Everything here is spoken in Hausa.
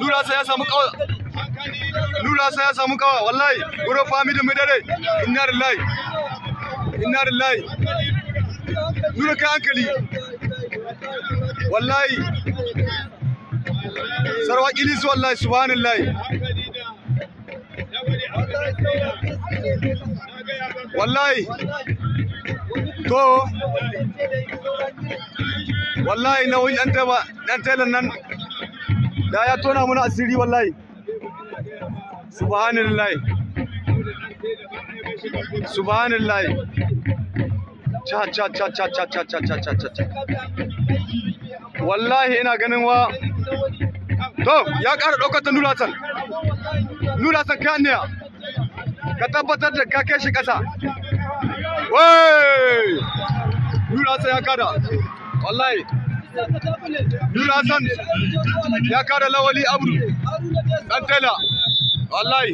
nura sai ya samu kawa nura sai ya samu kawa wallahi wurin famidin mai dare inna lillahi inna lillahi nura kai hankali wallahi sarwa ilis wallahi subhanallahi wallahi to wallahi na wani ɗan tailan nan da ya tona mana asiri wallahi subhanallah subhanallah cha cha cha cha cha cha cha cha cha cha wallahi ina ganin wa to ya ƙara daukar ta san nulatan ne ka tabbatar da ka kai shi ƙasa wai san ya kada wallahi Nura Hassan ya kare lawali Abdu. Dan Taylor. Wallahi.